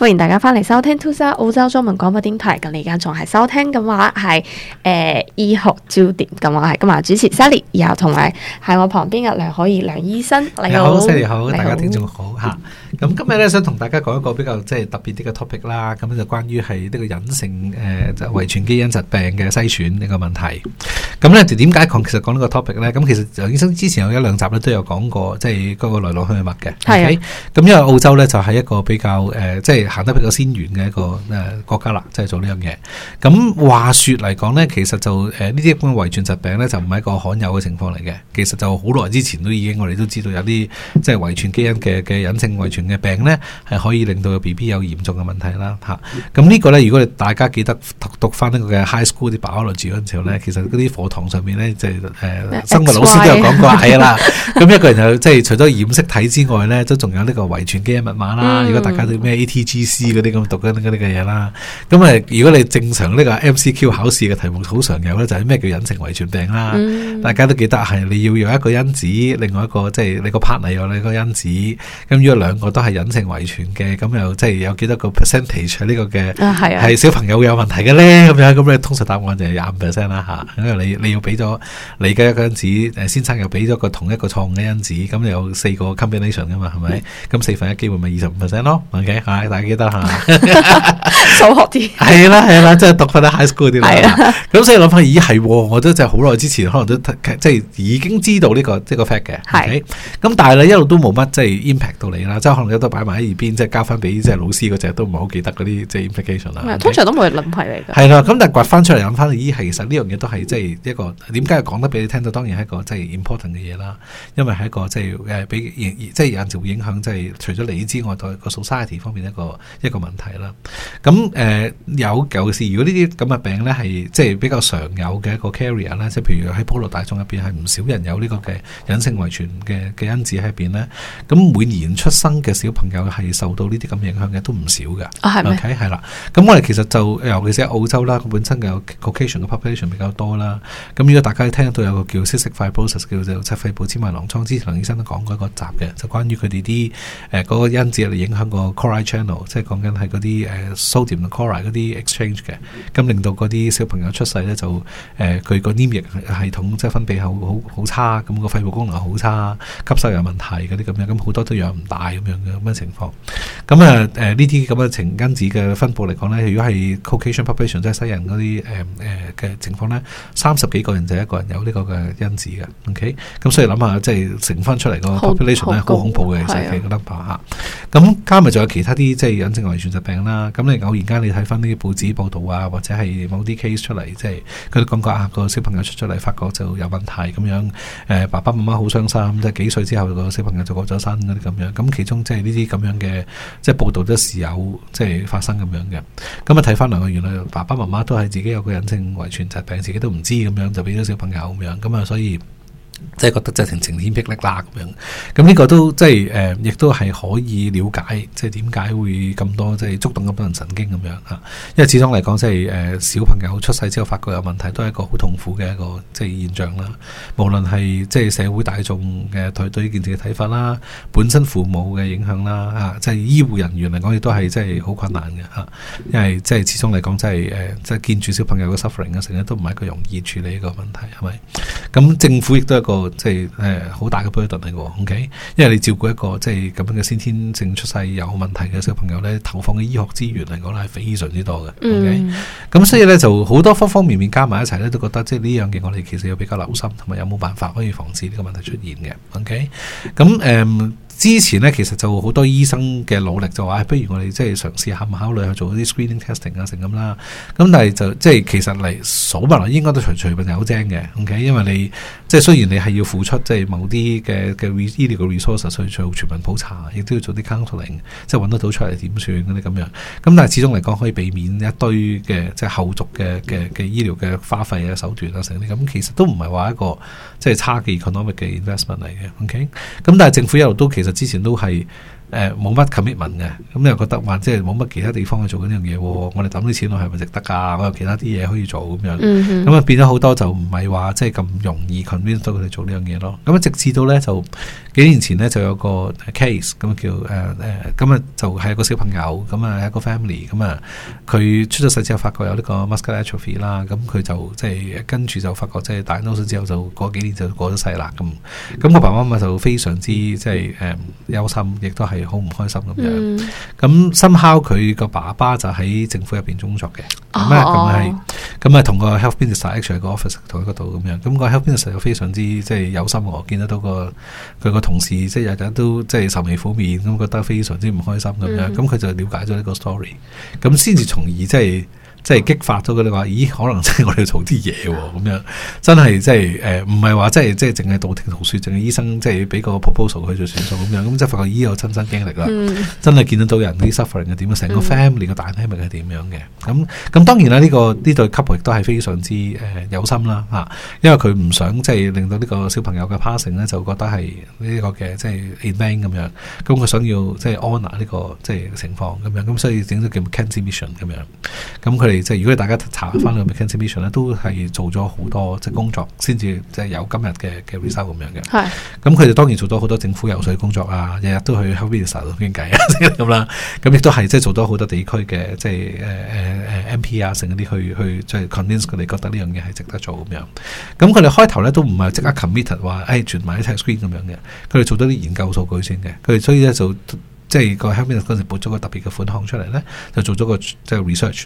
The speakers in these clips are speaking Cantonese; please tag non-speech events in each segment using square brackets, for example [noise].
歡迎大家翻嚟收聽 t o z e 澳洲中文廣播電臺。咁你而家仲係收聽嘅話係誒、呃、醫學焦點話，咁我係今日主持 Sally，然後同埋係我旁邊嘅梁浩然梁醫生。你好，你好，Sally 好，你好，大家聽眾好吓。咁、啊、今日咧想同大家講一個比較即係特別啲嘅 topic 啦、啊。咁就關於係呢個隱性誒遺傳基因疾病嘅篩選呢個問題。咁咧就點解其實講呢個 topic 咧，咁其實梁醫生之前有一兩集咧都有講過，即係嗰、那個來龍去脈嘅。係咁、okay? 因為澳洲咧就係、是、一個比較誒、呃、即係。行得比較先遠嘅一個誒國家啦，即係做呢樣嘢。咁話説嚟講咧，其實就誒呢啲一般遺傳疾病咧，就唔係一個罕有嘅情況嚟嘅。其實就好耐之前都已經，我哋都知道有啲即係遺傳基因嘅嘅隱性遺傳嘅病咧，係可以令到個 B B 有嚴重嘅問題啦。嚇、啊！咁呢個咧，如果大家記得讀翻呢個嘅 High School 啲 biology 嗰時候咧，其實嗰啲課堂上面咧，就誒生物老師都有講過嘢啦。咁 [laughs] 一個人就即係除咗染色體之外咧，都仲有呢個遺傳基因密碼啦、嗯。如果大家都咩 A T G 意思嗰啲咁讀緊嗰啲嘅嘢啦，咁啊如果你正常呢個 MCQ 考試嘅題目好常有咧，就係、是、咩叫隱性遺傳病啦、嗯，大家都記得係你要有一個因子，另外一個即係、就是、你個 partner 有你個因子，咁如果兩個都係隱性遺傳嘅，咁又即係、就是、有幾多個 percentage 呢個嘅係、啊啊、小朋友有問題嘅咧，咁樣咁通常答案就係廿五 percent 啦吓，因為你你要俾咗你嘅一個因子，先生又俾咗個同一個錯誤嘅因子，咁有四個 combination 噶嘛，係咪？咁、嗯、四分一機會咪二十五 percent 咯，ok，吓、right? 大家記得下數學啲係啦係啦，即係讀翻啲 high school 啲啦。咁 [laughs] 所以諗翻，咦係？我都即係好耐之前，可能都即係已經知道呢、這個即係、這個 fact 嘅。係咁，okay? 但係你一路都冇乜即係 impact 到你啦。即係可能一路都擺埋喺一邊，即係交翻俾即係老師嗰隻都唔係好記得嗰啲即係 implication 啦。通常都冇係輪牌嚟嘅。係啦，咁但係掘翻出嚟諗翻，咦？其實呢樣嘢都係即係一個點解要講得俾你聽到？當然係一個即係 important 嘅嘢啦。因為係一個即係畀，即係有時候會影響，即係除咗你之外，個 society 方面一個。一個問題啦，咁、呃、有尤其是如果呢啲咁嘅病咧，係即係比較常有嘅一個 carrier 啦，即係譬如喺普羅大眾入面，係唔少人有呢個嘅隱性遺傳嘅嘅因子喺入邊咧，咁每年出生嘅小朋友係受到呢啲咁影響嘅都唔少嘅。o 係咪？係啦，咁、okay? 我哋其實就尤其是喺澳洲啦，佢本身嘅 Caucasian 嘅 population 比較多啦。咁如果大家聽到有一個叫 cystic fibrosis，叫做七肺部千氣囊瘡，之前梁醫生都講過一個集嘅，就關於佢哋啲嗰個因子嚟影響個 c r y channel。即係講緊係嗰啲誒 sodium chloride 嗰啲 exchange 嘅，咁令到嗰啲小朋友出世咧就佢、呃、個黏液系統即係、就是、分泌好好好差，咁、那個肺部功能好差，吸收有問題嗰啲咁樣，咁好多都養唔大咁樣嘅咁嘅情況。咁啊呢啲咁嘅成因子嘅分布嚟講咧，如果係 Caucasian population 即係西人嗰啲嘅情況咧，三十幾個人就一個人有呢個嘅因子嘅。OK，咁所以諗下即係成分出嚟個 population 咧，好恐怖嘅其實係個 number 咁、啊、加埋仲有其他啲即係。隱性遺傳疾病啦，咁你偶然間你睇翻呢啲報紙報道啊，或者係某啲 case 出嚟，即係佢都感覺啊，說說個小朋友出出嚟，發覺就有問題咁樣，誒，爸爸媽媽好傷心，即係幾歲之後，那個小朋友就過咗身嗰啲咁樣。咁其中即係呢啲咁樣嘅，即係報道都時有即係，就是，發生咁樣嘅。咁啊睇翻兩個原來爸爸媽媽都係自己有個隱性遺傳疾病，自己都唔知咁樣就俾咗小朋友咁樣。咁啊，所以。即、就、係、是、覺得就係晴晴天霹靂啦咁樣，咁呢個都即係誒、亦、就是呃、都係可以了解，即係點解會咁多，即係觸動咁多人神經咁樣啊？因為始終嚟講，即係誒、小朋友出世之後發覺有問題，都係一個好痛苦嘅一個即係、就是、現象啦。無論係即係社會大眾嘅對對呢件事嘅睇法啦、本身父母嘅影響啦啊，即、就、係、是、醫護人員嚟講亦都係即係好困難嘅吓、啊。因為即係、就是、始終嚟講，即係誒、即、呃、係、就是、見住小朋友嘅 suffering 啊，成日都唔係一個容易處理嘅問題係咪？咁政府亦都。個即係誒，好大嘅 burden 嚟嘅，OK。因為你照顧一個即係咁樣嘅先天性出世有問題嘅小朋友咧，投放嘅醫學資源嚟講咧，係非常之多嘅，OK、嗯。咁所以咧，就好多方方面面加埋一齊咧，都覺得即係呢樣嘢，我哋其實要比較留心，同埋有冇辦法可以防止呢個問題出現嘅，OK。咁、嗯、誒。之前咧、哎，其實就好多醫生嘅努力，就話：不如我哋即係嘗試下，考慮去做一啲 screening testing 啊，成咁啦。咁但係就即係其實嚟數落，應該都隨便，份有精嘅。OK，因為你即係、就是、雖然你係要付出即係、就是、某啲嘅嘅醫療嘅 resource，去做全民普查，亦都要做啲 counseling 即係揾得到出嚟點算嗰啲咁樣。咁但係始終嚟講，可以避免一堆嘅即係後續嘅嘅嘅醫療嘅花費啊、手段啊，成啲咁，其實都唔係話一個即係、就是、差嘅 economic 嘅 investment 嚟嘅。OK，咁但係政府一路都其實。之前都係。誒冇乜 commitment 嘅，咁你又覺得話即係冇乜其他地方去做緊呢樣嘢，我哋抌啲錢落係咪值得啊？我有其他啲嘢可以做咁樣，咁、mm-hmm. 啊變咗好多就唔係話即係咁容易 convince 到佢哋做呢樣嘢咯。咁啊直至到咧就幾年前咧就有個 case 咁叫誒誒，咁、呃、啊、呃、就係、是、一個小朋友，咁啊係一個 family 咁、嗯、啊，佢出咗世之後發覺有呢個 muscular atrophy 啦，咁、嗯、佢就即係跟住就發覺即係大年嗰時之後就嗰幾年就過咗世啦。咁咁個爸爸媽就非常之即係、呃、憂心，亦都係。好唔開心咁樣，咁 somehow 佢個爸爸就喺政府入邊工作嘅，咁啊咁係，咁、嗯、同個 health minister actually 個 office 同一個度咁樣，咁、那個 health minister 又非常之即係有心，我見得到個佢個同事即係日日都即係愁眉苦面，咁覺得非常之唔開心咁、嗯、樣，咁佢就了解咗呢個 story，咁先至從而即係。即係激發咗佢哋話，咦，可能真係我哋做啲嘢喎，咁樣真係即係誒，唔係話即係即係淨係道聽途說，淨係醫生即係俾個 proposal 佢就算數咁樣，咁、嗯嗯、即係發覺咦？有親身經歷啦，真係見得到人啲 suffering 係點，成個 family 嘅大體係點樣嘅。咁、嗯、咁、嗯、當然啦，呢、這個呢對 couple 亦都係非常之誒有心啦，嚇，因為佢唔想即係令到呢個小朋友嘅 passing 咧，就覺得係呢個嘅即係 event 咁樣。咁佢想要即係 honour 呢個即係情況咁樣，咁所以整咗叫 cancer mission 咁樣。咁佢。即係，如果大家查翻個 presentation 咧，mm. 都係做咗好多即係工作先至即係有今日嘅嘅 research 咁樣嘅。係咁，佢哋當然做咗好多政府游說工作啊，日日都去 help minister 度傾偈啊，咁 [laughs] 啦。咁亦都係即係做咗好多地區嘅即係誒誒誒 MP 啊，成啲去去即係、就是、convince 佢哋覺得呢樣嘢係值得做咁樣的。咁佢哋開頭咧都唔係即刻 commit 話，誒全埋一齊 screen 咁樣嘅。佢哋做多啲研究數據先嘅。佢哋所以咧就即係個 help minister 嗰陣撥咗個特別嘅款項出嚟咧，就做咗個即係 research。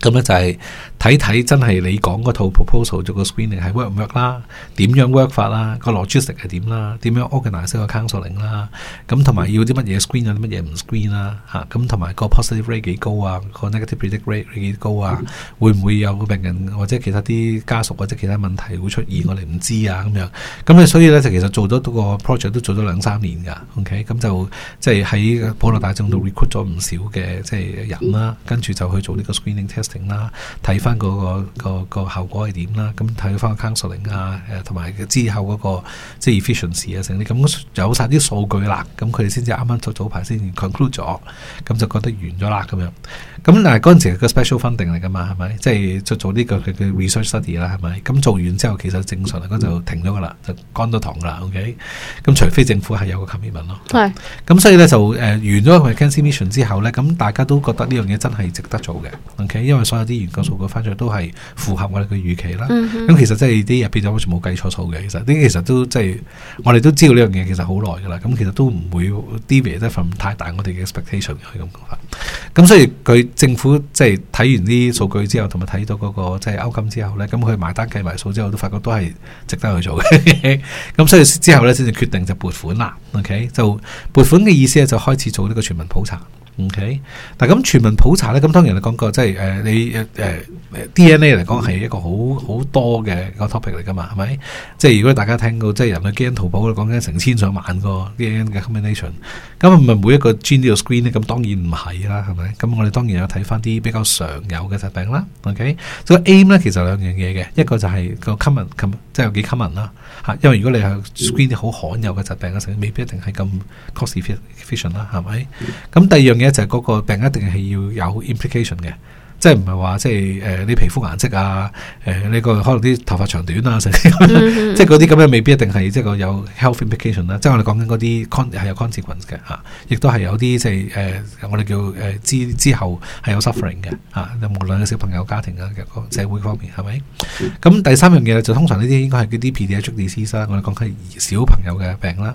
咁咧就係睇睇真係你講嗰套 proposal 做個 screening 係 work 唔 work 啦？點樣 work 法啦？個 logistic 係點啦？點樣 organize 一個 counseling 啦？咁同埋要啲乜嘢 screen 啊？啲乜嘢唔 screen 啦？吓？咁同埋個 positive rate 幾高啊？個 negative predict rate 幾高啊？會唔會有個病人或者其他啲家屬或者其他問題會出現？我哋唔知啊，咁樣，咁咧所以咧就其實做咗多個 project 都做咗兩三年㗎。OK，咁就即係喺普羅大眾度 recruit 咗唔少嘅即係人啦，跟住就去做呢個 screening test。啦、那個，睇翻嗰個個個效果係點啦，咁睇翻個 counseling 啊，誒同埋之後嗰、那個即係 efficiency 啊，剩啲咁有晒啲數據啦，咁佢哋先至啱啱早早排先 conclude 咗，咁就覺得完咗啦，咁樣，咁但係嗰陣時個 special funding 嚟㗎嘛，係咪？即、就、係、是、做做呢個嘅 research study 啦，係咪？咁做完之後其實正常，嚟講就停咗㗎啦，就乾咗堂㗎啦，OK？咁除非政府係有個 commitment 咯，係，咁所以咧就誒、呃、完咗個 conclusion 之後咧，咁大家都覺得呢樣嘢真係值得做嘅，OK？因為所有啲研究數據翻出都係符合我哋嘅預期啦。咁、嗯、其實即係啲入邊就好似冇計錯數嘅。其實啲、就是、其，其實都即係我哋都知道呢樣嘢其實好耐噶啦。咁其實都唔會 deviate from 太大我哋嘅 expectation 可以咁講法。咁所以佢政府即係睇完啲數據之後，同埋睇到嗰個即係 outcome 之後咧，咁佢埋單計埋數之後，都發覺都係值得去做嘅。咁 [laughs] 所以之後咧，先至決定就撥款啦。OK，就撥款嘅意思咧，就開始做呢個全民普查。O、okay. K，但咁全民普查咧，咁當然你講過，即係誒你誒 D N A 嚟講係一個好好多嘅個 topic 嚟噶嘛，係咪？即、就、係、是、如果大家聽到，即、就、係、是、人類基因圖譜咧，講緊成千上萬個 D N A 嘅 combination，咁唔係每一個 gene 都 screen 咧，咁當然唔係啦，係咪？咁我哋當然有睇翻啲比較常有嘅疾病啦。O K，所以 aim 咧其實兩樣嘢嘅，一個就係個 common，即係有幾 common 啦吓，因為如果你係 screen 啲好罕有嘅疾病嘅時候，未必一定係咁 cost efficient 啦，係咪？咁、嗯、第二樣嘢。就係，是，嗰個病一定係要有 implication 嘅，即係唔係話即係誒、呃、皮膚顏色啊，呃、你呢個可能啲頭髮長短啊，mm-hmm. [laughs] 即係嗰啲咁樣未必一定係即係有 health implication 啦。即係我哋講緊嗰啲係有 con consequence 嘅嚇，亦都係有啲即係我哋叫之，呃、之後係有 suffering 嘅，啊，無論係小朋友家庭啊、社會方面係咪？咁第三樣嘢就通常呢啲應該係嗰啲 pediatric d i 我哋講緊小朋友嘅病啦。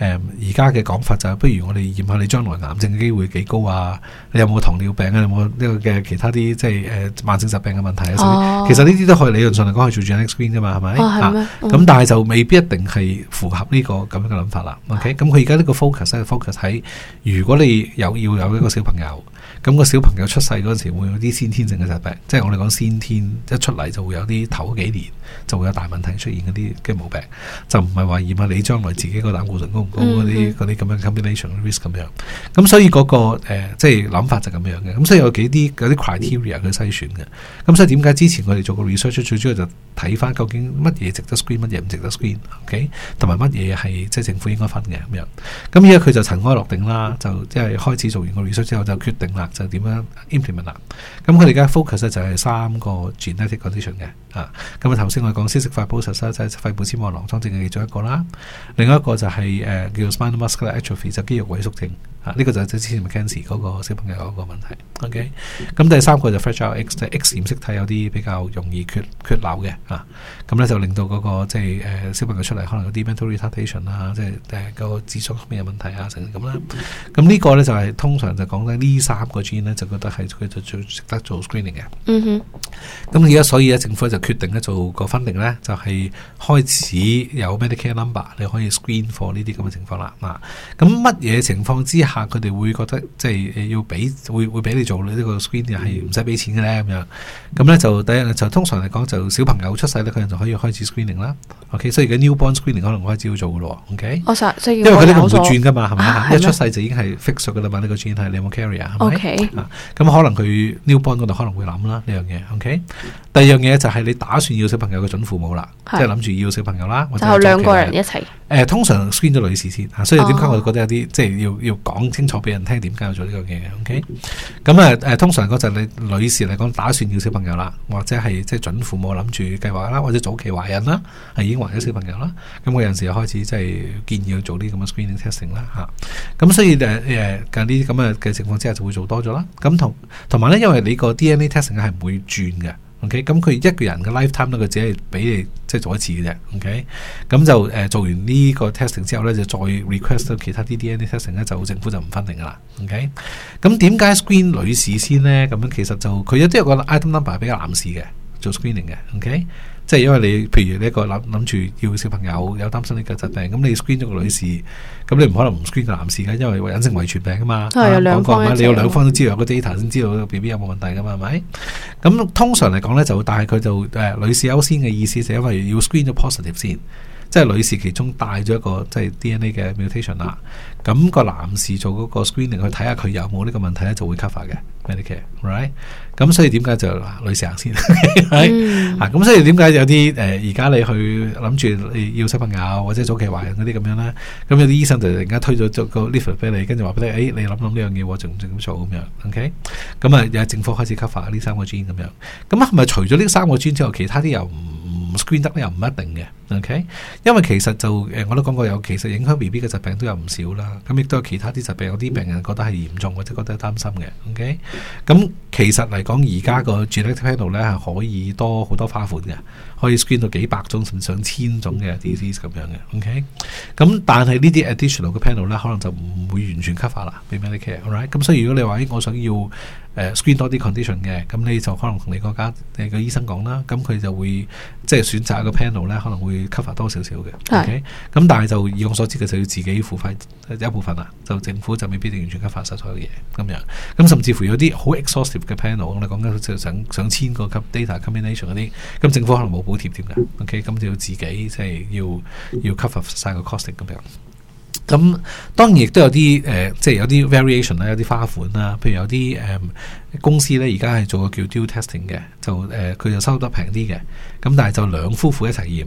誒而家嘅講法就係不如我哋驗下你將來癌症嘅機會幾高啊？你有冇糖尿病啊？你有冇呢個嘅其他啲即係誒慢性疾病嘅問題啊？Oh. 其實呢啲都可以理論上嚟講可以做住 x r 嘛，係咪？咁、oh, 啊嗯、但係就未必一定係符合呢、這個咁樣嘅諗法啦。OK，咁佢而家呢個 focus 即係 focus 喺如果你有要有一個小朋友，咁、那個小朋友出世嗰陣時會有啲先天性嘅疾病，即、就、係、是、我哋講先天一出嚟就會有啲頭幾年就會有大問題出現嗰啲嘅毛病，就唔係話驗下你將來自己個膽固醇嗰啲嗰啲咁樣 combination risk 咁樣，咁所以嗰、嗰個、呃、即係諗法就咁樣嘅，咁所以有幾啲啲 criteria 去篩選嘅，咁所以點解之前我哋做個 research 最主要就睇翻究竟乜嘢值得 screen，乜嘢唔值得 screen，OK，okay? 同埋乜嘢係即係政府應該分嘅咁樣，咁依家佢就塵埃落定啦，就即係開始做完個 research 之後就決定啦，就點樣 implement 啦，咁佢哋而家 focus 就係三個 genetic condition 嘅，啊，咁啊頭先我講 cystic fibrosis 即係肺部纖維囊腫症嘅其中一個啦，另外一個就係、是、誒。呃誒叫做 spinal muscular atrophy 就肌肉萎縮症嚇，呢、啊這個就即係之前 Mackenzie 嗰個小朋友嗰個問題。OK，咁第三個就 fragile X 即係 X 染色體有啲比較容易缺缺漏嘅嚇，咁咧、啊、就令到嗰、那個即係誒小朋友出嚟可能有啲 mental retardation 啊，即係誒個智商方面嘅問題啊，成咁啦。咁呢個咧就係、是、通常就講緊呢三個 gene 咧就覺得係佢就最值得做 screening 嘅。咁而家所以咧政府就決定咧做個 funding 咧，就係、是、開始有 Medicare number 你可以 screen for 呢啲咁。情況啦，嗱，咁乜嘢情況之下，佢哋會覺得即係要俾，會會俾你做呢、這個 screening 係唔使俾錢嘅咧，咁、嗯、樣，咁咧就第一就通常嚟講，就小朋友出世咧，佢就可以開始 screening 啦。OK，所以而家 newborn screening 可能開始要做嘅咯。OK，我實即係因為佢呢個唔會轉噶嘛，係、啊、咪一出世就已經係 fixed 噶啦嘛，呢、這個轉胎你有冇 carrier 啊？OK，咁可能佢 newborn 度可能會諗啦呢樣嘢。OK，第二樣嘢就係你打算要小朋友嘅準父母啦，即係諗住要小朋友啦，就兩個人一齊。誒通常 screen 咗女士先嚇，所以點解我覺得有啲，oh. 即係要要講清楚俾人聽點解要做呢個嘢嘅。OK，咁啊誒通常嗰陣你女士嚟講打算要小朋友啦，或者係即係準父母諗住計劃啦，或者早期懷孕啦，係已經懷咗小朋友啦，咁我有陣時又開始即係建議做啲咁嘅 screening testing 啦，啊、嚇，咁所以誒誒近啲咁嘅嘅情況之下就會做多咗啦。咁同同埋咧，因為你個 DNA testing 係唔會轉嘅。OK，咁佢一個人嘅 lifetime 咧，佢只係俾你即係做一次嘅啫。OK，咁就做完呢個 testing 之後咧，就再 request 其他啲 DNA testing 咧，就政府就唔分定噶啦。OK，咁點解 screen 女士先呢？咁樣其實就佢有都有個 item number 比較男士嘅做 screening 嘅。OK。即係因為你，譬如呢個諗住要小朋友，有擔心呢個疾病，咁你 screen 咗個女士，咁你唔可能唔 screen 個男士嘅，因為隱性遺傳病啊嘛，係啊，兩個嘛，你有兩方都知道，有個 data 先知道個 B B 有冇問題噶嘛，係咪？咁通常嚟講咧，就但係佢就誒、呃、女士優先嘅意思，就因為要 screen 咗 positive 先。即係女士其中帶咗一個即係 DNA 嘅 mutation 啦，咁、個男士做嗰個 screening 去睇下佢有冇呢個問題咧，就會 cover 嘅 Medicare，right？咁所以點解就、呃、女士行先，先 okay，right？嗯？啊，咁所以點解有啲誒而家你去諗住你要小朋友或者早期懷孕嗰啲咁樣咧，咁有啲醫生就突然間推咗個 lift 俾你，跟住話俾你，誒、哎、你諗唔諗呢樣嘢，仲唔仲咁做咁樣？OK？咁啊又係政府開始 cover 呢三個 gene 咁樣，咁係咪除咗呢三個 gene 之後，其他啲又唔？唔 screen 得咧又唔一定嘅，OK？因為其實就誒我都講過有，其實影響 BB 嘅疾病都有唔少啦。咁亦都有其他啲疾病，有啲病人覺得係嚴重，或者覺得擔心嘅，OK？咁其實嚟講，而家個 genetic panel 咧係可以多好多花款嘅，可以 screen 到幾百種甚至上千種嘅 Disease 咁樣嘅，OK？咁但係呢啲 additional 嘅 panel 咧，可能就唔會完全 cover 啦，by Medicare，all right？咁所以如果你話咦我想要，Uh, screen 多啲 condition 嘅，咁你就可能同你嗰家你個醫生講啦，咁佢就會即係選擇一個 panel 咧，可能會 cover 多少少嘅。OK，咁但係就以我所知嘅，就要自己付費一部分啦。就政府就未必定完全 cover 晒所有嘢咁樣。咁甚至乎有啲好 exhaustive 嘅 panel，我哋講緊就想上千個 data combination 嗰啲，咁政府可能冇補貼添㗎。OK，咁就要自己即係要要 cover 晒個 cost 咁樣。咁、嗯、當然亦都有啲誒、呃，即係有啲 variation 啦，有啲花款啦。譬如有啲誒、嗯、公司咧，而家係做個叫 due testing 嘅，就誒佢、呃、就收得平啲嘅。咁、嗯、但係就兩夫婦一齊驗。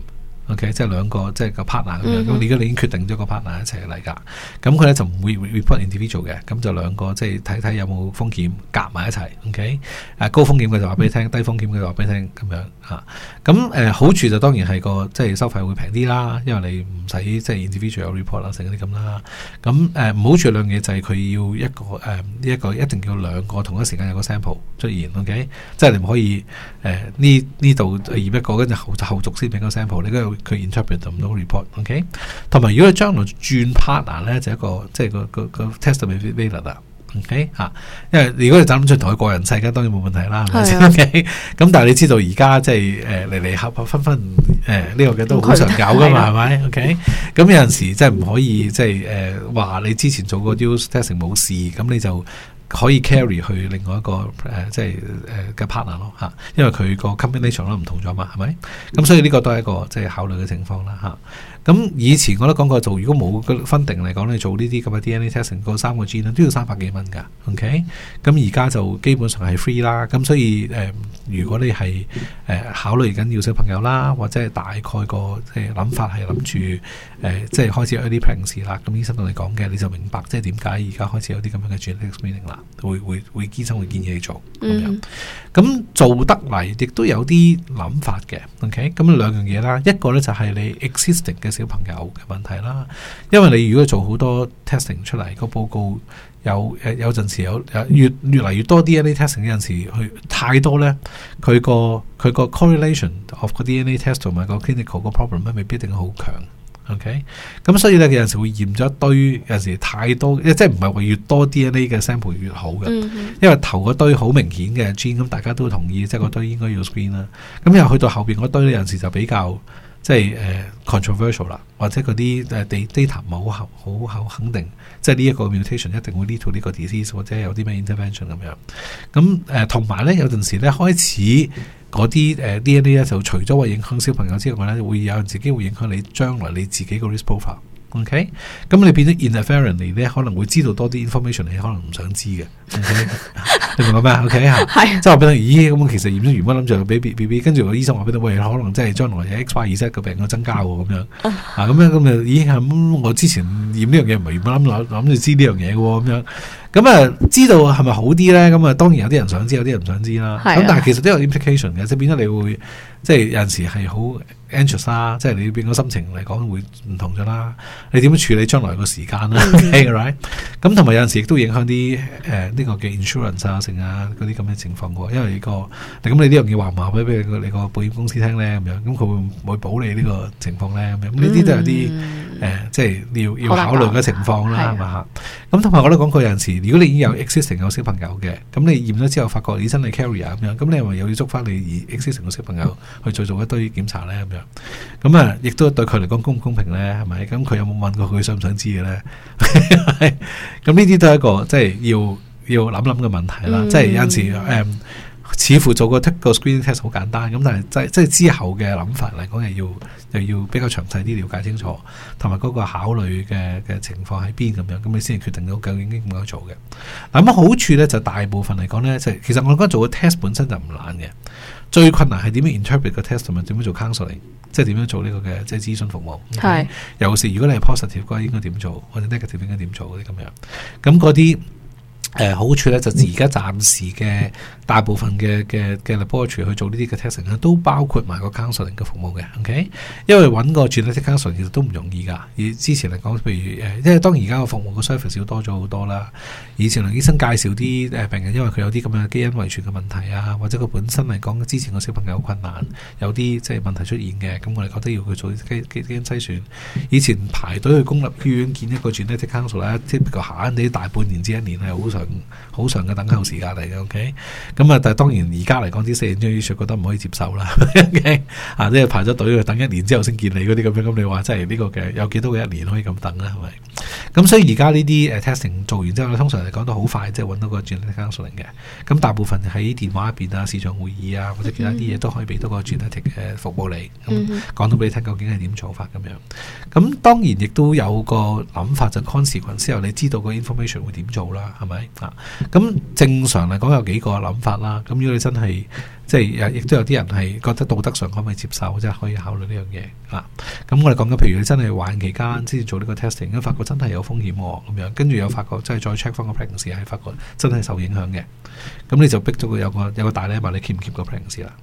OK，即係兩個，即係個 partner 咁樣。咁你而家你已經決定咗個 partner 一齊嚟㗎。咁佢咧就唔會 report individual 嘅。咁就兩個即係睇睇有冇風險夾埋一齊。OK，誒高風險佢就話俾你聽，低風險佢就話俾你聽咁樣吓。咁誒好處就當然係個即係收費會平啲啦，因為你唔使即係 individual report 啦，成啲咁啦。咁誒唔好處兩嘢就係佢要一個誒呢、呃、一個一定要兩個同一時間有個 sample 出現。OK，即係你唔可以誒呢呢度驗一個，跟住後後續先俾個 sample。你佢 interpret 咁多、no、report，OK，、okay? 同埋如果你將來轉 partner 咧，就是、一個即係、就是、個個個 testing available 啦，OK 嚇。因為如果你想出台個人世界，當然冇問題啦，係咪先？OK。咁但係你知道而家即係誒嚟嚟合合分分誒呢、呃這個嘅都好常搞㗎嘛，係咪、啊、？OK。咁有陣時即係唔可以即係誒話你之前做過啲 testing 冇事，咁你就。可以 carry 去另外一個誒、呃，即係嘅、呃、partner 咯嚇，因為佢個 combination 都唔同咗嘛，係咪？咁、嗯嗯、所以呢個都係一個即係考慮嘅情況啦嚇。咁以前我都講過做，如果冇分定嚟講你做呢啲咁嘅 DNA testing 嗰三個 G 都要三百幾蚊噶。OK，咁而家就基本上係 free 啦。咁所以、呃、如果你係誒、呃、考慮緊要小朋友啦，或者大概個即係諗法係諗住即係開始有啲平時啦。咁醫生同你講嘅，你就明白即係點解而家開始有啲咁樣嘅 genetic testing 啦，會會會醫生會建議你做咁樣、mm。咁做得嚟亦都有啲諗法嘅。OK，咁兩樣嘢啦，一個咧就係你 existing 嘅。小朋友嘅問題啦，因為你如果做好多 testing 出嚟個報告有，有誒有陣時有，有越越嚟越多 DNA testing 有陣時去太多咧，佢個佢個 correlation of 個 DNA test 同埋個 clinical 個 problem 咧未必一定好強，OK？咁所以咧有有陣時會驗咗一堆，有陣時太多，即係唔係話越多 DNA 嘅 sample 越好嘅、嗯？因為頭嗰堆好明顯嘅 gene，咁大家都同意即係嗰堆應該要 screen 啦、嗯。咁又去到後面嗰堆咧，有陣時就比較，即係誒 controversial 啦，或者嗰啲誒 data 唔係好合好好肯定，即係呢一個 mutation 一定會 lead to 呢個 disease 或者有啲咩 intervention 咁樣。咁誒同埋咧，有陣時咧開始嗰啲誒 DNA 咧就除咗話影響小朋友之外咧，會有人自己會影響你將來你自己個 risk profile。OK，咁你變咗 inadvertently 咧可能會知道多啲 information，你可能唔想知嘅。你明我咩？OK 啊， [laughs] 即係話俾你咦，咁其實驗先原本諗住俾 B B B，跟住個醫生話俾你喂，可能真係將來有 X Y 二七個病嘅增加喎，咁樣 [laughs] 啊，咁樣咁就咦，咁我之前驗呢樣嘢唔係原本諗諗住知呢樣嘢嘅，咁樣咁啊，知道係咪好啲咧？咁啊，當然有啲人想知，有啲人唔想知啦。咁、啊、但係其實都有 implication 嘅，即係變咗你會即係有陣時係好。enthusia 即係你變個心情嚟講會唔同咗啦，你點樣處理將來個時間啦？咁同埋有陣時亦都影響啲呢、呃呢個嘅 insurance 啊，成啊嗰啲咁嘅情況喎。因為呢個咁你呢樣嘢話唔話俾俾你個保險公司聽咧咁樣，咁佢會唔會保你呢個情況咧咁樣？咁呢啲都有啲、呃、即係要要考慮嘅情況啦，係嘛，咁同埋我都講過有陣時，如果你已經有 existing 有小朋友嘅，咁你驗咗之後發覺你真係 carrier 咁樣，咁你係咪又要捉翻你 existing 嘅小朋友去再做一堆檢查咧咁樣？咁啊，亦都對佢嚟講公唔公平咧？係咪？咁佢有冇問過佢想唔想知嘅咧？咁呢啲都係一個即係要要諗諗嘅問題啦。嗯、即係有陣時誒、嗯，似乎做個 take a screening test 好簡單，咁但係即係之後嘅諗法嚟講，係要又要比較詳細啲了解清楚，同埋嗰個考慮嘅嘅情況喺邊咁樣，咁你先至決定到究竟應該唔應該做嘅。嗱，咁好處咧就大部分嚟講咧，就其實我覺得做個 test 本身就唔難嘅。最困難係點樣 interpret 個 test 嚟問點樣做 counseling，即係點樣做呢個嘅即係諮詢服務。係、okay？有時如果你係 positive 嘅話，應該點做，或者 negative 應該點做嗰啲咁樣。咁嗰啲。呃、好處咧，就而家暫時嘅大部分嘅嘅嘅 laboratory 去做呢啲嘅 testing 咧，都包括埋個 counselling 嘅服務嘅，OK？因為揾個 genetic counsellor 其實都唔容易噶，以之前嚟講，譬如誒因為當而家個服務個 service 要多咗好多啦。以前梁醫生介紹啲病人，因為佢有啲咁樣基因遺傳嘅問題啊，或者佢本身嚟講，之前個小朋友困難，有啲即係問題出現嘅，咁我哋覺得要佢做基基基因篩選。以前排隊去公立醫院見一個 genetic counsellor 即係個閒閒哋大半年至一年係好好長嘅等候時間嚟嘅，OK，咁啊，但係當然而家嚟講啲四人中醫說覺得唔可以接受啦，OK，啊，即係排咗隊等一年之後先見你嗰啲咁樣，咁你話真係呢個嘅有幾多嘅一年可以咁等咧，係咪？咁、嗯、所以而家呢啲誒 testing 做完之後咧，通常嚟講都好快，即係揾到個 genetic counseling 嘅。咁大部分喺電話入邊啊，市場會議啊，或者其他啲嘢都可以俾到個 genetic 嘅服務你。咁講到俾你聽，究竟係點做法咁樣。咁當然亦都有個諗法就看時運，之後，你知道個 information 會點做啦，係咪啊？咁正常嚟講有幾個諗法啦。咁如果你真係即係亦都有啲人係覺得道德上可唔可以接受，即係可以考慮呢樣嘢。咁我哋講緊，譬如你真係玩期間先至做呢個 testing，咁發覺真係有風險咁樣，跟住又發覺真係再 check 翻個 pregnancy 係發覺真係受影響嘅，咁你就逼咗佢有個有個大咧問你 keep 唔 keep 個 pregnancy 啦。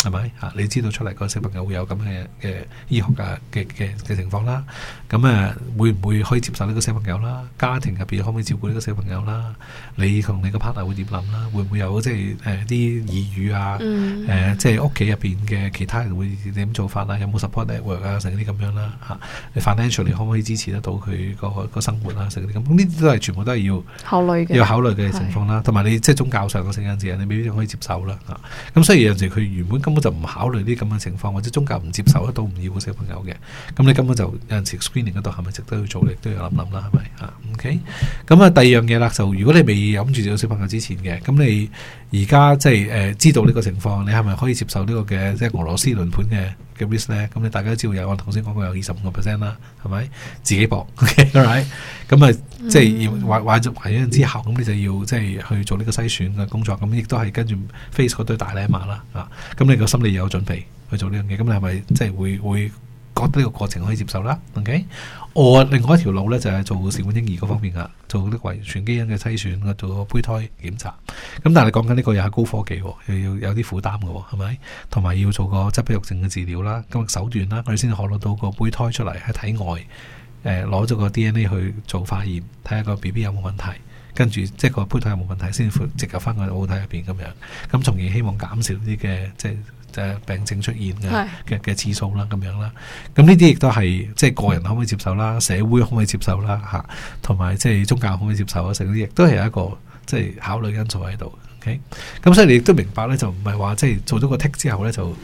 係咪啊？你知道出嚟個小朋友會有咁嘅嘅醫學嘅嘅嘅嘅情況啦？咁啊，會唔會可以接受呢個小朋友啦？家庭入邊可唔可以照顧呢個小朋友啦？你同你個 partner 會點諗啦？會唔會有即係誒啲異語啊？誒、嗯呃，即係屋企入邊嘅其他人會點做法啊？有冇 support network 啊？成啲咁樣啦？嚇、啊，你 financially 你可唔可以支持得到佢個個生活啊？成啲咁，呢啲都係全部都係要考慮嘅，要考慮嘅情況啦。同埋你即係宗教上嘅信仰者，你未必可以接受啦。嚇、啊，咁所以有陣時佢原本根本就唔考慮呢啲咁嘅情況，或者宗教唔接受得到唔要個小朋友嘅，咁你根本就有陣時 screening 嗰度，係咪值得去做，你都要諗諗啦，係咪啊？OK，咁啊第二樣嘢啦，就如果你未諗住有小朋友之前嘅，咁你而家即係誒知道呢個情況，你係咪可以接受呢個嘅即係俄羅斯輪盤嘅？嘅 risk 咧，咁你大家都知道有，我頭先講過有二十五個 percent 啦，係咪？自己搏，係 [laughs] 咪、right?？咁、就、啊、是，即係要懷懷咗之後，咁你就要即係、就是、去做呢個篩選嘅工作，咁亦都係跟住 face 嗰堆大奶馬啦，啊！咁你個心理有準備去做呢樣嘢，咁你係咪即係會會？會覺得呢個過程可以接受啦，OK？我另外一條路咧就係做試管嬰兒嗰方面噶，做啲遺傳基因嘅篩選，做個胚胎檢查。咁但係你講緊呢個又係高科技，又要有啲負擔喎，係咪？同埋要做個治不育症嘅治療啦，咁嘅手段啦，我哋先可攞到個胚胎出嚟喺體外，誒攞咗個 DNA 去做化驗，睇下個 BB 有冇問題，跟住即係個胚胎有冇問題先至植入翻個母體入面咁樣，咁從而希望減少啲嘅即係。就是誒，病症出現嘅嘅嘅次數啦，咁樣啦，咁呢啲亦都係即係個人可唔可以接受啦，社會可唔可以接受啦嚇，同埋即係宗教可唔可以接受啊？成嗰啲亦都係一個即係、就是、考慮因素喺度。OK，咁所以你亦都明白咧，就唔係話即係做咗個剔之後咧就。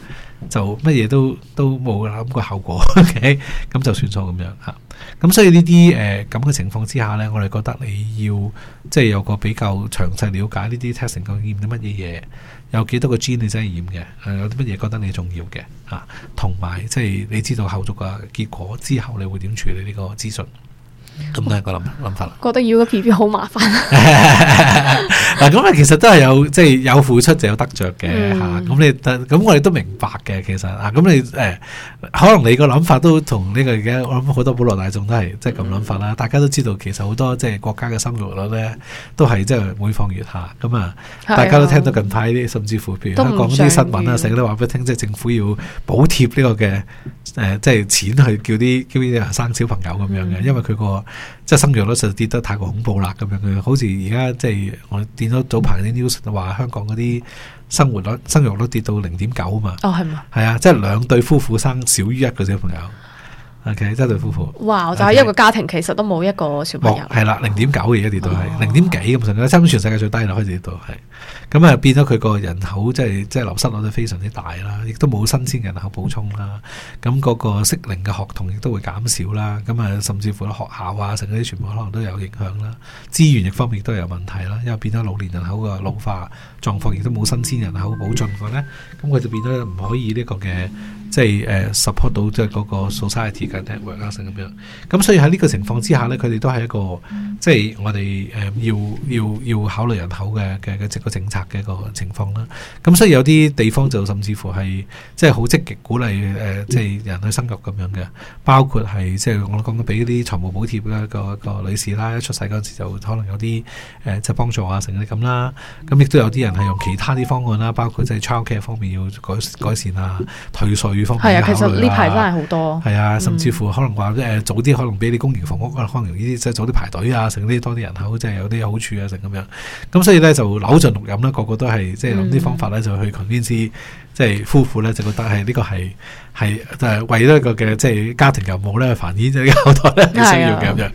就乜嘢都都冇諗過後果，OK 咁就算數咁樣吓。咁、啊、所以呢啲誒咁嘅情況之下呢，我哋覺得你要即係、就是、有個比較詳細了解呢啲 testing 究竟啲乜嘢嘢，有幾多個 gene 你真係驗嘅，有啲乜嘢覺得你重要嘅嚇，同埋即係你知道後續嘅結果之後，你會點處理呢個資訊？咁啊個諗諗法啦，覺得要個 BB 好麻煩、 [laughs] [laughs] 啊。嗱，咁啊其實都係有即係、就是、有付出就有得着嘅吓。咁、嗯啊、你咁我哋都明白嘅其實啊。咁你誒、欸，可能你個諗法都同呢、這個而家我諗好多普羅大眾都係即係咁諗法啦。嗯、大家都知道其實好多即係、就是、國家嘅生育率咧都係即係每況愈下。咁啊，大家都聽到近排啲甚至乎譬如講啲新聞啊，成日都話俾聽，即、就、係、是、政府要補貼呢個嘅誒，即、啊、係、就是、錢去叫啲叫啲人生小朋友咁樣嘅，嗯、因為佢個。即係生育率就跌得太過恐怖啦，咁樣嘅，好似而家即係我見到早排啲 news 話香港嗰啲生活率、生育率跌到零點九啊嘛。哦，係嘛？係啊，即係兩對夫婦生少於一個小朋友。OK，即係一對夫婦。哇！就係一個家庭，其實都冇一個小朋友。係啦，零點九嘅嘢啊，呢度係零點幾咁上下，差唔多全世界最低啦，開始呢度係。咁啊，變咗佢個人口即係即係流失率都非常之大啦，亦都冇新鮮人口補充啦。咁，嗰個適齡嘅學童亦都會減少啦。咁啊，甚至乎咧學校啊，成嗰啲全部可能都有影響啦。資源亦方面都有問題啦，因為變咗老年人口嘅老化狀況，亦都冇新鮮人口補進嘅咧。咁佢就變咗唔可以呢個嘅。嗯即係誒 support 到即係嗰個 society 嘅 network 啊，成咁樣。咁所以喺呢個情況之下呢，佢哋都係一個即係我哋要要要考慮人口嘅嘅嘅一個政策嘅一個情況啦。咁所以有啲地方就甚至乎係即係好積極鼓勵、呃、即係人去生育咁樣嘅，包括係即係我講緊俾啲財務補貼啦，一個一個女士啦，一出世嗰陣時就可能有啲即係幫助啊，成咁啦。咁亦都有啲人係用其他啲方案啦，包括即係 childcare 方面要改改善啊，退稅。係啊，啊，其實呢排真係好多，係啊，甚至乎可能話誒早啲，可能俾啲公營房屋，可能容易啲，即係早啲排隊啊，剩啲多啲人口，即係有啲好處啊，成咁樣。咁所以咧就扭盡六壬啦，個個都係即係諗啲方法咧，嗯、就去 convince 即係夫婦咧就覺得係呢個係係誒為咗一個嘅即係家庭任務咧繁衍咗好多咧需要嘅咁樣。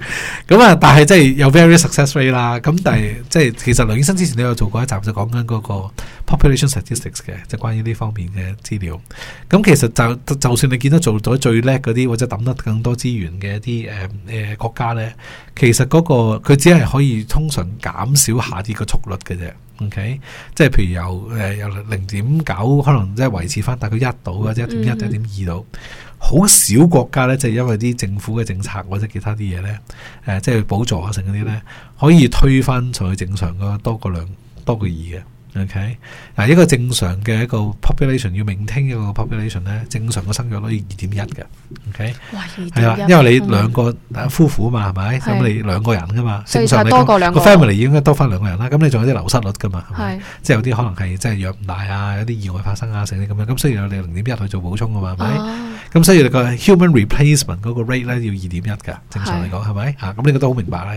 咁啊，但係即係有 very successful 啦。咁但係即係其實梁醫生之前都有做過一集，就講緊嗰、那個。Population statistics 嘅，即係關於呢方面嘅資料。咁其實就就算你見到做咗最叻嗰啲，或者揼得更多資源嘅一啲誒誒國家咧，其實嗰、那個佢只係可以通常減少下啲個速率嘅啫。OK，即係譬如由誒、呃、由零點九，可能即係維持返大概一度或者一點一一點二度，好、就是 mm-hmm. 少國家咧，即、就、係、是、因為啲政府嘅政策或者其他啲嘢咧，誒即係補助啊成嗰啲咧，可以推翻上去正常的多過兩多過二嘅。O K，嗱一個正常嘅一個 population 要 maintain 一個 population 咧，正常嘅生育率要二點一嘅，O K，係啦，因為你兩個夫婦啊嘛，係、嗯、咪？咁你兩個人噶嘛，正常你多一個，個 family 已經多翻兩個人啦，咁你仲有啲流失率噶嘛，係，即係有啲可能係即係養唔大啊，有啲意外發生啊，成啲咁樣，咁所以你零點一去做補充啊嘛，係咪？咁所以你個 human replacement 嗰個 rate 咧要二點一嘅正常嚟講係咪？啊，咁你都好、啊、明白啦，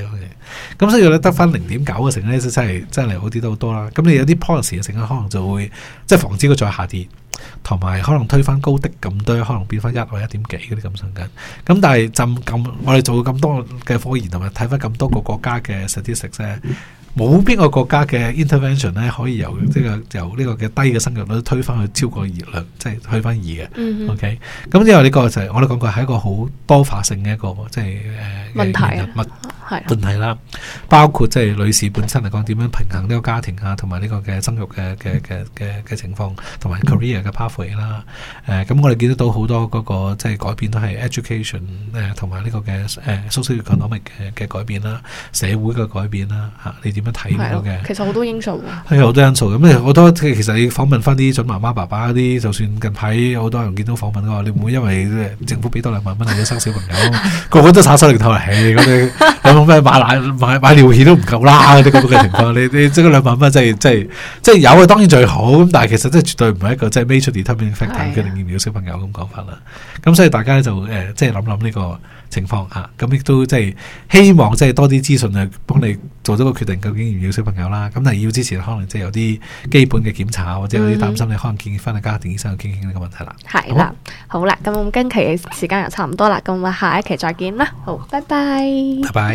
咁、okay、所以咧得翻零點九嘅成咧真係真係好啲都好多啦，咁你有啲。波士嘅成可能就會即係防止佢再下跌，同埋可能推翻高的，咁都可能變翻一或一點幾嘅啲咁上緊。咁但係就咁，我哋做咁多嘅科研同埋睇翻咁多個國家嘅 statistics 冇邊個國家嘅 intervention 咧，可以由即、這個由呢個嘅低嘅生育率推翻去超過二兩，即、就、係、是、推翻二嘅。OK，咁之後呢個就係、是、我哋講過係一個好多化性嘅一個即係誒問題人物問題啦，包括即係女士本身嚟講點樣平衡呢個家庭啊，同埋呢個嘅生育嘅嘅嘅嘅嘅情況，同埋 career 嘅 pathway 啦。咁、嗯啊、我哋見得到好多嗰、那個即係、就是、改變都係 education 同埋呢個嘅、uh, social economic 嘅改變啦，嗯、社會嘅改變啦、啊、你點樣其實好多因素喎。係好多因素咁，咩好多其實你訪問翻啲準媽媽、爸爸啲，就算近排有好多人見到訪問嘅話，你唔會因為政府俾多兩萬蚊嚟生小朋友， [laughs] 個個都耍手嚟頭嚟，啲。那個 [laughs] 有冇咩買奶、買尿片都唔夠啦？啲咁嘅情況， [laughs] 你你即係兩萬蚊真係真係即係有嘅當然最好。咁但係其實真係絕對唔係一個即係 major determining factor 睇佢要唔要小朋友咁講法啦。咁所以大家就誒即係諗諗呢個情況吓，咁亦都即係、就是、希望即係、就是、多啲資訊啊，幫你做咗個決定，究竟要唔要小朋友啦。咁但係要之前可能即係有啲基本嘅檢查、嗯、或者有啲擔心，你可能建議翻去家庭醫生去傾傾呢個問題啦。係啦，好啦，咁我今期嘅時間又差唔多啦，咁我下一期再見啦。好，拜拜，拜拜。